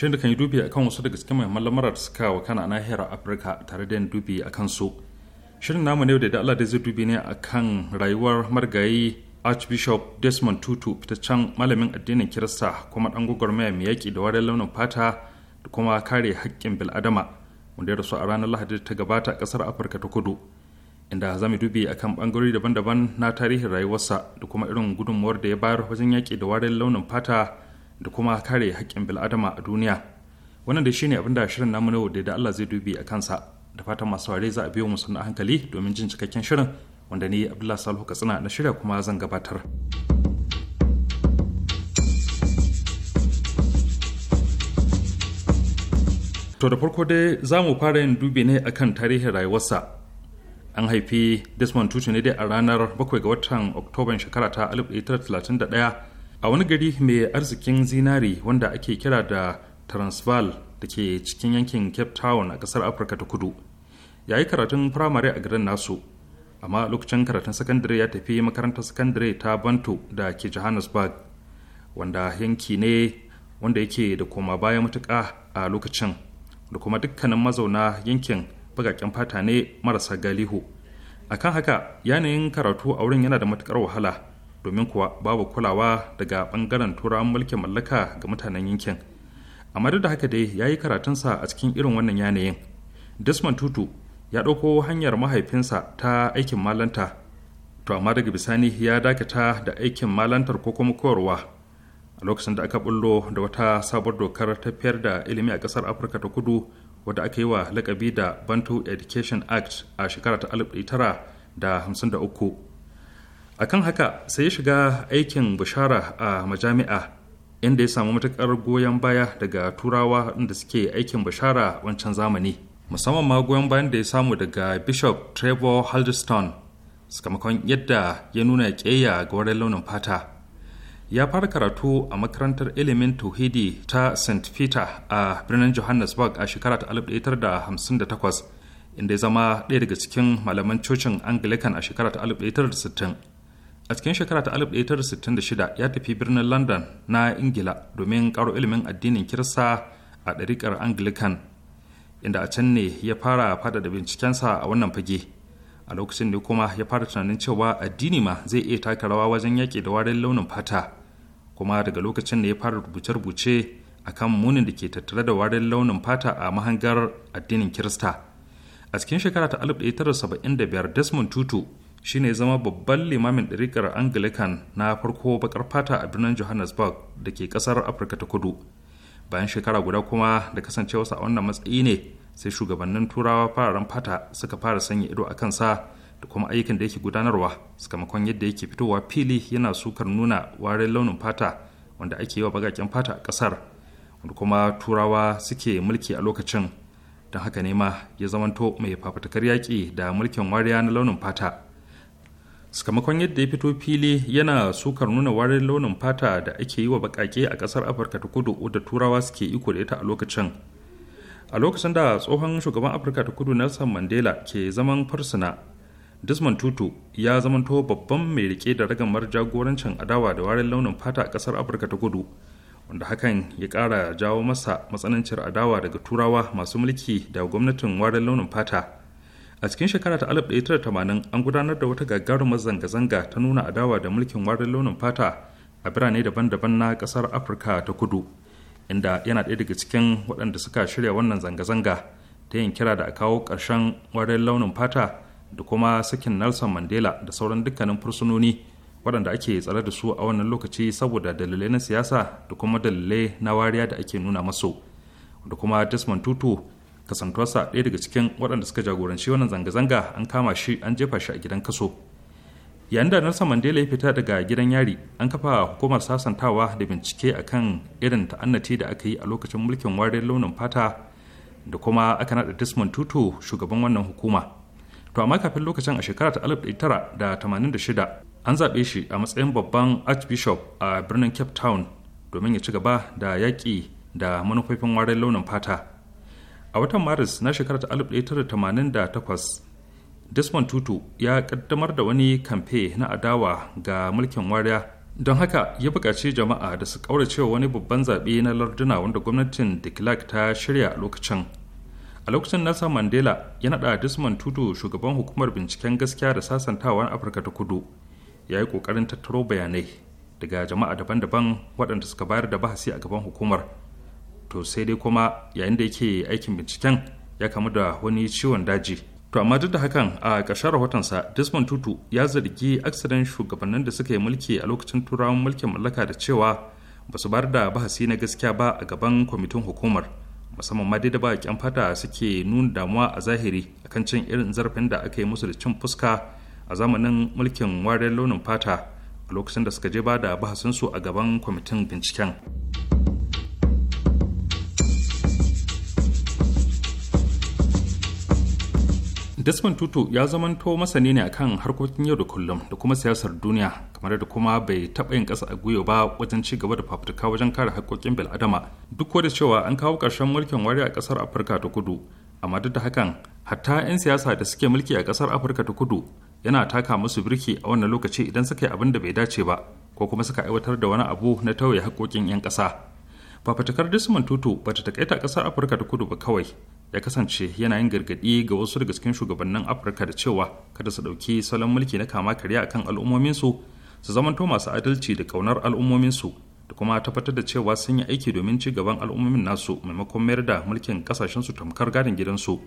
shirin da kan yi dubi a kan wasu daga cikin mahimman lamarar da suka wakana a nahiyar afirka tare da yin dubi a kan su shirin namu ne da Allah da zai dubi ne a kan rayuwar margayi archbishop desmond tutu fitaccen malamin addinin kirista kuma dan gwagwarmaya mai yaƙi da warin launin fata da kuma kare haƙƙin bil'adama wanda ya rasu a ranar lahadi ta gabata a ƙasar afirka ta kudu inda za mu dubi a kan ɓangarori daban-daban na tarihin rayuwarsa da kuma irin gudunmuwar da ya bayar wajen yaƙi da warin launin fata da kuma kare haƙƙin bil'adama a duniya wannan da shine abin da shirin namu na yau da Allah zai dubi a kansa da fatan masu ware za a biyo mu sannan hankali domin jin cikakken shirin wanda ni Abdullahi Salihu Katsina na shirya kuma zan gabatar. To da farko dai za mu fara yin dubi ne akan tarihin rayuwarsa. An haifi Desmond Tutu ne dai a ranar 7 ga watan Oktoban shekara ta 1931 a wani gari mai arzikin zinari wanda ake kira da transvaal da ke cikin yankin cape town a kasar afirka ta kudu ya yi karatun firamare a garin nasu amma lokacin karatun sakandare ya tafi makarantar sakandare ta banto da ke johannesburg wanda yanki ne wanda yake da koma baya matuka a lokacin da kuma dukkanin mazauna yankin bagaken fata ne marasa galihu akan haka yanayin karatu a wurin yana da matuƙar wahala domin kuwa babu kulawa daga bangaren turawan mulkin mallaka ga mutanen yankin amma duk da haka dai ya yi karatunsa a cikin irin wannan yanayin desmond tutu ya ɗauko hanyar mahaifinsa ta aikin malanta to amma daga bisani ya dakata da aikin malantar ko kuma koyarwa a lokacin da aka bullo da wata sabuwar dokar tafiyar da ilimi a ƙasar afirka ta kudu wadda aka yi wa lakabi da bantu education act a shekara ta 1953 a kan haka sai ya shiga aikin bishara a majami'a inda ya samu matuƙar goyon baya daga turawa da suke aikin bishara wancan zamani musamman ma goyon bayan da ya samu daga bishop trevor haldiston sakamakon yadda ya nuna ƙeya ga wurin launin fata ya fara karatu a makarantar ilimin tauhidi ta st peter a birnin johannesburg a shekara ta 1958 inda ya zama ɗaya daga cikin malaman cocin anglican a shekara ta 1960 a cikin shekara ta 1966 ya tafi birnin london na ingila domin karo ilimin addinin kirista a ɗariƙar anglican inda a can ne ya fara faɗaɗa bincikensa a wannan fage a lokacin da kuma ya fara tunanin cewa addini ma zai iya taka rawa wajen yaƙi da warin launin fata kuma daga lokacin da ya fara rubuce-rubuce kan munin da ke tattare da warin launin fata a mahangar addinin kirista a cikin shekara ta 1975 desmond tutu shine zama babban limamin ɗarikar anglican na farko bakar fata a birnin johannesburg da ke ƙasar afirka ta kudu bayan shekara guda kuma da kasancewarsa a wannan matsayi ne sai shugabannin turawa fararen fata suka fara sanya ido a kansa da kuma ayyukan da yake gudanarwa sakamakon yadda yake fitowa fili yana sukar nuna warin launin fata wanda ake yi wa bagaken fata a ƙasar wanda kuma turawa suke mulki a lokacin don haka ne ma ya zamanto mai fafatakar yaƙi da mulkin wariya na launin fata sakamakon yadda ya fito fili yana sukar nuna warin launin fata da ake yi wa bakake a kasar afirka ta kudu da turawa suke iko da ita a lokacin a lokacin da tsohon shugaban afirka ta kudu nelson mandela ke zaman farsuna desmond tutu ya zamanto babban mai rike da ragamar jagorancin adawa da warin launin fata a kasar afirka ta kudu wanda hakan ya kara jawo masa matsanancin adawa daga turawa masu mulki da gwamnatin warin launin fata a cikin shekara ta 1980 an gudanar da wata gagarumar zanga-zanga ta nuna adawa da mulkin warin launin fata a birane daban-daban na kasar afirka ta kudu inda yana ɗaya daga cikin waɗanda suka shirya wannan zanga-zanga ta yin kira da a kawo ƙarshen warin launin fata da kuma sakin nelson mandela da sauran dukkanin fursunoni waɗanda ake tsare da su a wannan lokaci saboda dalilai na siyasa da kuma dalilai na wariya da ake nuna masu da kuma desmond tutu kasantuwarsa ɗaya daga cikin waɗanda suka jagoranci wannan zanga-zanga an kama shi an jefa shi a gidan kaso yayin da nelson mandela ya fita daga gidan yari an kafa hukumar sasantawa da bincike a kan irin ta'annati da aka yi a lokacin mulkin ware launin fata da kuma aka naɗa desmond tutu shugaban wannan hukuma to amma kafin lokacin a shekara ta shida an zaɓe shi a matsayin babban archbishop a birnin cape town domin ya ci gaba da yaƙi da manufofin warin launin fata a watan maris na shekarar 1988 desmond tutu ya kaddamar da wani kamfe na adawa ga mulkin wariya don haka ya buƙaci jama'a da su ƙauracewa wani babban zaɓe na larduna wanda gwamnatin de ta shirya a lokacin a lokacin nasa mandela ya naɗa desmond tutu shugaban hukumar binciken gaskiya da sasantawa afirka ta kudu ya yi ƙoƙarin tattaro bayanai daga jama'a daban-daban waɗanda suka bayar da bahasi a gaban hukumar to sai dai kuma yayin da yake aikin binciken ya kamu da wani ciwon daji to amma duk da hakan a ƙarshen rahotonsa desmond tutu ya zargi aksidan shugabannin da suka yi mulki a lokacin turawan mulkin mallaka da cewa ba su bar da bahasi na gaskiya ba a gaban kwamitin hukumar musamman ma dai da kyan fata suke nuna damuwa a zahiri akan cin irin zarafin da aka yi musu da cin fuska a zamanin mulkin wariyar launin fata a lokacin da suka je ba da bahasinsu a gaban kwamitin binciken. Desmond Tutu ya zamanto masani ne akan harkokin yau da kullum da kuma siyasar duniya kamar da kuma bai taɓa yin ƙasa a gwiwa ba wajen ci gaba da fafutuka wajen kare haƙƙoƙin bil'adama duk da cewa an kawo ƙarshen mulkin wari a ƙasar Afirka ta kudu amma duk da hakan hatta 'yan siyasa da suke mulki a ƙasar Afirka ta kudu yana taka musu birki a wannan lokaci idan suka yi abin da bai dace ba ko kuma suka aiwatar da wani abu na tauye haƙƙoƙin 'yan ƙasa. fafatakar Desmond Tutu bata ta takaita ƙasar Afirka ta kudu ba kawai ya kasance yana yin ga wasu daga cikin shugabannin afirka da cewa kada su ɗauki salon mulki na kama karya akan al'ummominsu su zamanto masu adalci da ƙaunar al'ummominsu da kuma tabbatar da cewa sun yi aiki domin ci gaban al'ummomin nasu maimakon mayar da mulkin kasashensu tamkar gadin gidansu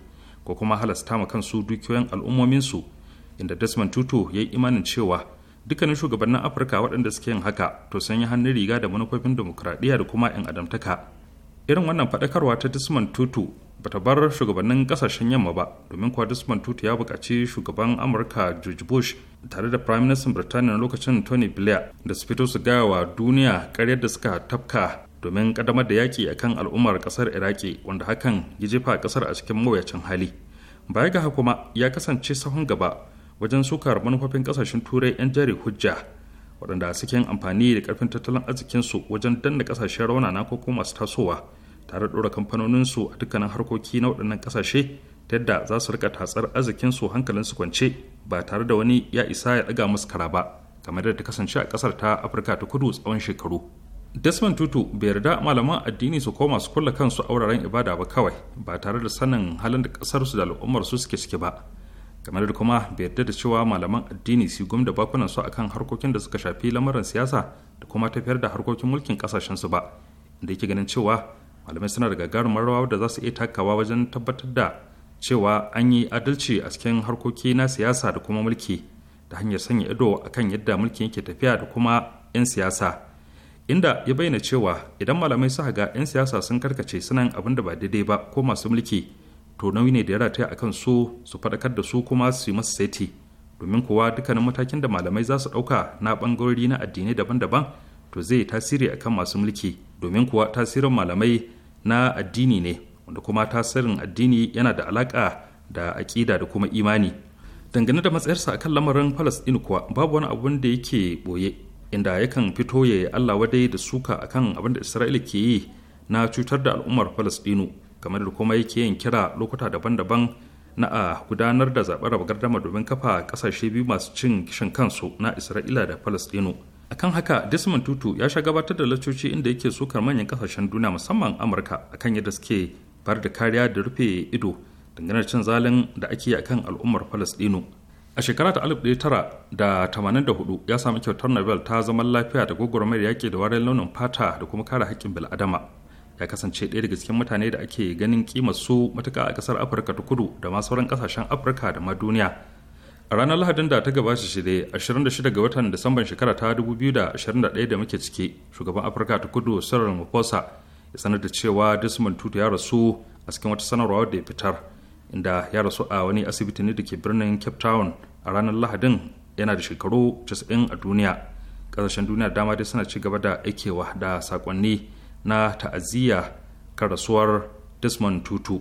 ko kuma halasta ma kansu dukiyoyin al'ummominsu inda desmond tutu ya yi imanin cewa dukkanin shugabannin afirka waɗanda suke yin haka to sun yi hannun riga da manufofin demokuraɗiyya da kuma 'yan adamtaka irin wannan faɗakarwa ta desmond tutu bata bar shugabannin kasashen yamma ba domin kuwa desmond tutu ya buƙaci shugaban amurka george bush tare da prime minister birtaniya lokacin tony blair da su fito su gaya wa duniya karyar da suka tafka domin ƙaddamar da yaƙi akan al'ummar ƙasar iraki wanda hakan ya jefa ƙasar a cikin mawuyacin hali baya ga kuma ya kasance sahun gaba wajen sukar manufofin kasashen turai 'yan jari hujja waɗanda suke amfani da ƙarfin tattalin arzikinsu wajen danna ƙasashen raunana ko kuma masu tasowa tare da ɗora kamfanoninsu a dukkanin harkoki na waɗannan ƙasashe ta yadda za su rika tatsar hankalin su kwance ba tare da wani ya isa ya ɗaga musu kara ba kamar yadda ta kasance a ƙasar ta afirka ta kudu tsawon shekaru desmond tutu bai yarda malaman addini su koma su kulla kansu a wuraren ibada ba kawai ba tare da sanin halin da ƙasarsu da al'ummar su suke ciki ba kamar da kuma bai yarda da cewa malaman addini su gum da bakunan su akan harkokin da suka shafi lamarin siyasa da kuma tafiyar da harkokin mulkin kasashen su ba da yake ganin cewa malamai suna da gagarumar rawa da za su iya takawa wajen tabbatar da cewa an yi adalci a cikin harkoki na siyasa da kuma mulki da hanyar sanya ido akan yadda mulkin yake tafiya da kuma 'yan siyasa inda ya bayyana cewa idan malamai suka ga 'yan siyasa sun karkace sunan abin da ba daidai ba ko masu mulki to nauyi ne da ya rataya akan su su faɗakar da su kuma su yi masa saiti domin kuwa dukkanin matakin da malamai za su ɗauka na ɓangarori na addinai daban-daban to zai yi tasiri akan masu mulki domin kuwa tasirin malamai na addini ne wanda kuma tasirin addini yana da alaƙa da aƙida da kuma imani dangane da matsayarsa a kan lamarin palestine kuwa babu wani abun da yake ɓoye inda yakan fito ya yi allah wadai da suka akan abin da isra'ila ke yi na cutar da al'ummar palestinu kamar da kuma yake yin kira lokuta daban-daban na a gudanar da zaɓen raba gardama domin kafa ƙasashe biyu masu cin kishin kansu na isra'ila da palestinu akan haka desmond tutu ya sha gabatar da lacoci inda yake sukar manyan kasashen duniya musamman amurka akan yadda suke bar da kariya da rufe ido dangane da cin zalin da ake yi akan al'ummar falastinu a shekara ta 1984 ya sami kyautar nobel ta zaman lafiya da gwagwarmayar yaƙi da warin launin fata da kuma kare haƙƙin bil'adama ya kasance ɗaya daga cikin mutane da ake ganin kimar su matuƙa a ƙasar afirka ta kudu da ma sauran ƙasashen afirka da ma duniya a ranar lahadin da ta gabata shirye 26 ga watan disamban shekara ta 2021 da muke ciki shugaban afirka ta kudu sarar mufosa ya sanar da cewa desmond tutu ya rasu a cikin wata sanarwa da ya fitar inda ya rasu a wani asibiti ne da ke birnin cape town a ranar lahadin yana da shekaru 90 a duniya kasashen duniya dama dai suna ci gaba da aikewa da sakonni na ta'aziyya kan rasuwar desmond tutu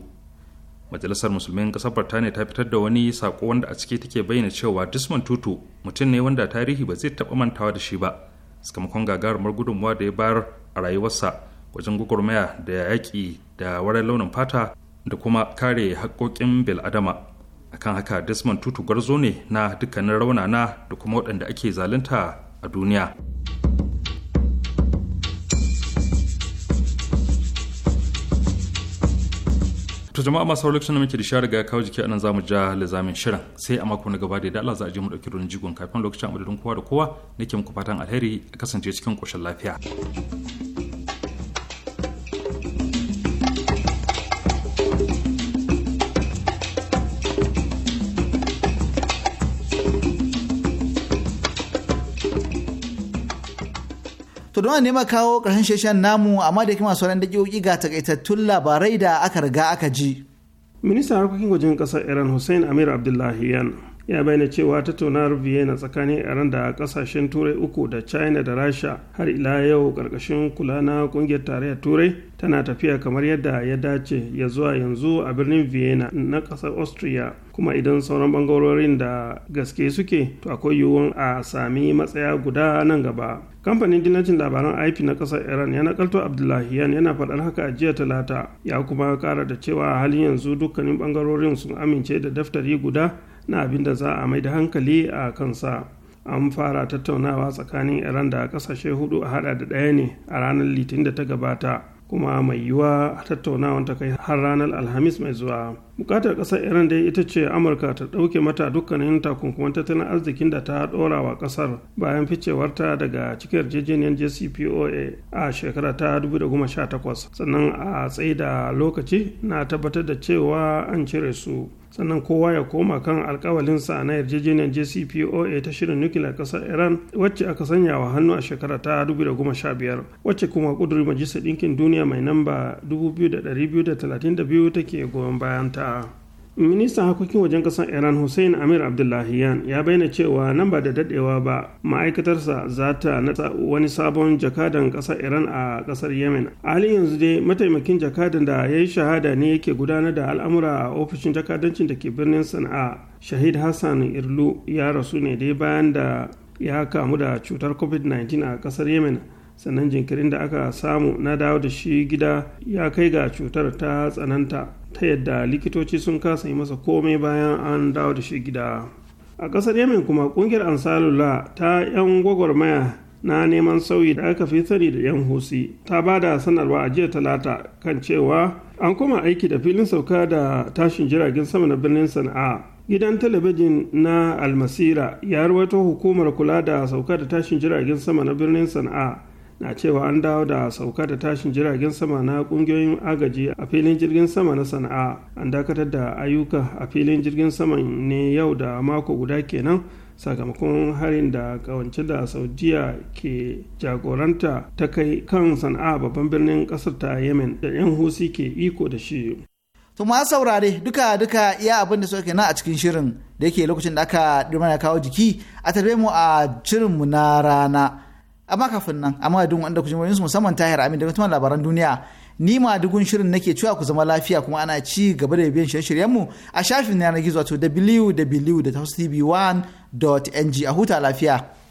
majalisar musulmin ƙasar birtaniya ta fitar da wani sako wanda a ciki take bayyana cewa desmond tutu mutum ne wanda tarihi ba zai taɓa mantawa da shi ba sakamakon gagarumar gudunmuwa da ya bayar a rayuwarsa wajen gwagwarmaya da yaƙi da wurin launin fata da kuma kare haƙƙoƙin bil'adama akan haka desmond tutu gwarzo ne na dukkanin raunana da kuma waɗanda ake zalunta a duniya. to jama'a masu lokacin da muke da shari'a ga kawo jiki anan zamu ja lizamin shirin sai a mako na gaba da Allah za a je mu dauki don jigon kafin lokacin amadadin kowa da kowa nake muku fatan alheri a kasance cikin koshin lafiya To don ne ma kawo ƙarshen sheshen namu amma da kima sauran daƙiƙoƙi ga takaitattun labarai da aka riga aka ji. Ministan harkokin wajen ƙasar Iran Hussein Amir abdullahi Abdullahiyan ya bayyana cewa tattaunawar vienna tsakanin iran da kasashen turai uku da china da rasha har ila yau karkashin kula na kungiyar tarayyar turai tana tafiya kamar yadda ya dace ya zuwa yanzu a birnin vienna na kasar austria kuma idan sauran bangarorin da gaske suke to akwai yiwuwan a sami matsaya guda nan gaba kamfanin dinajin labaran ip na kasar iran ya nakalto abdullahiyan yana faɗar haka a jiya talata ya kuma kara da cewa halin yanzu dukkanin bangarorin sun amince da daftari guda na abin da za a mai da hankali a kansa an fara tattaunawa tsakanin iran da kasashe hudu a hada da ɗaya ne a ranar litinin da ta gabata kuma mai yiwuwa a tattaunawa ta kai har ranar alhamis mai zuwa bukatar kasar iran dai ita ce amurka ta ɗauke mata dukkanin takunkuman tattalin arzikin da ta ɗorawa wa kasar bayan ficewarta daga cikin yarjejeniyar jcpoa a shekara ta 2018 sannan a tsaida lokaci na tabbatar da cewa an cire su sannan kowa ya koma kan alkawalinsa na yarjejeniyar jcpoa ta shirin nukiliyar kasar iran wacce aka sanya wa hannu a shekara ta 2015 wacce kuma kudurin majalisar ɗinkin duniya mai namba 2232 take goyon bayan ta. ministan harkokin wajen kasar iran hussein amir abdullahiyan ya bayyana cewa nan ba da dadewa ba ma'aikatarsa za ta nata wani sabon jakadan kasar iran a kasar yemen halin yanzu dai mataimakin jakadan da ya yi shahada ne yake gudanar da al'amura a ofishin jakadancin da ke birnin sana'a shahid hassan irlu ya rasu ne dai bayan da ya kamu da cutar covid-19 a kasar yemen sannan jinkirin da aka samu na dawo da shi gida ya kai ga cutar ta tsananta ta yadda likitoci sun kasa yi masa komai bayan an dawo da shi gida a ƙasar yamin kuma ƙungiyar ansalula ta 'yan gwagwarmaya na neman sauyi da aka fi sani da yan husi ta ba da sanarwa a jiya talata kan cewa an koma aiki da filin sauka da tashin jiragen sama na birnin sana'a gidan talabijin na almasira ya rawaito hukumar kula da sauka da tashin jiragen sama na birnin sana'a na cewa an dawo da sauka da tashin jiragen sama na kungiyoyin agaji a filin jirgin sama na sana'a an dakatar da ayyuka a filin jirgin sama ne yau da mako guda kenan sakamakon harin da kawance da saudiya ke jagoranta ta kai kan sana'a babban birnin kasar ta yemen da 'yan husi ke iko da shi to ma saurare duka duka iya abin da suke nan a cikin shirin da yake lokacin da aka dimana kawo jiki a tarbe mu a shirinmu na rana amma kafin nan amma da wanda ku jimurin su musamman tahir amin da kuma labaran duniya ni ma dugun shirin nake cewa ku zama lafiya kuma ana ci gaba da biyan shirye-shiryen mu a shafin yanar gizo wato wwwtv 1ng a huta lafiya.